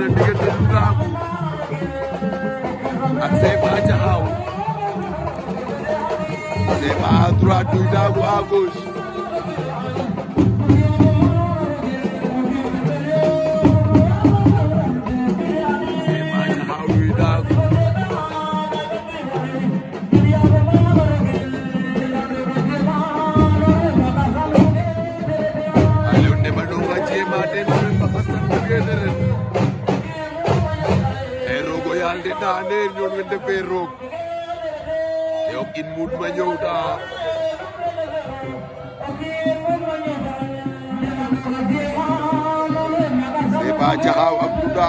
na diggante Ndaagu ak Seyba ca xaaw Seyba à droite Ndaagu à gauche da nder ñon we ndefe roog te o in muud ma ñoowta Seba Jaxaaw ak Ndouda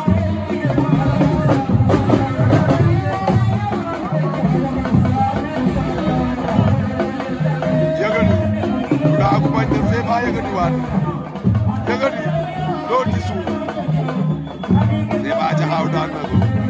aku bañ na see maa yëgati waat yëgati doo ci suuf see maa jaxaaw daan na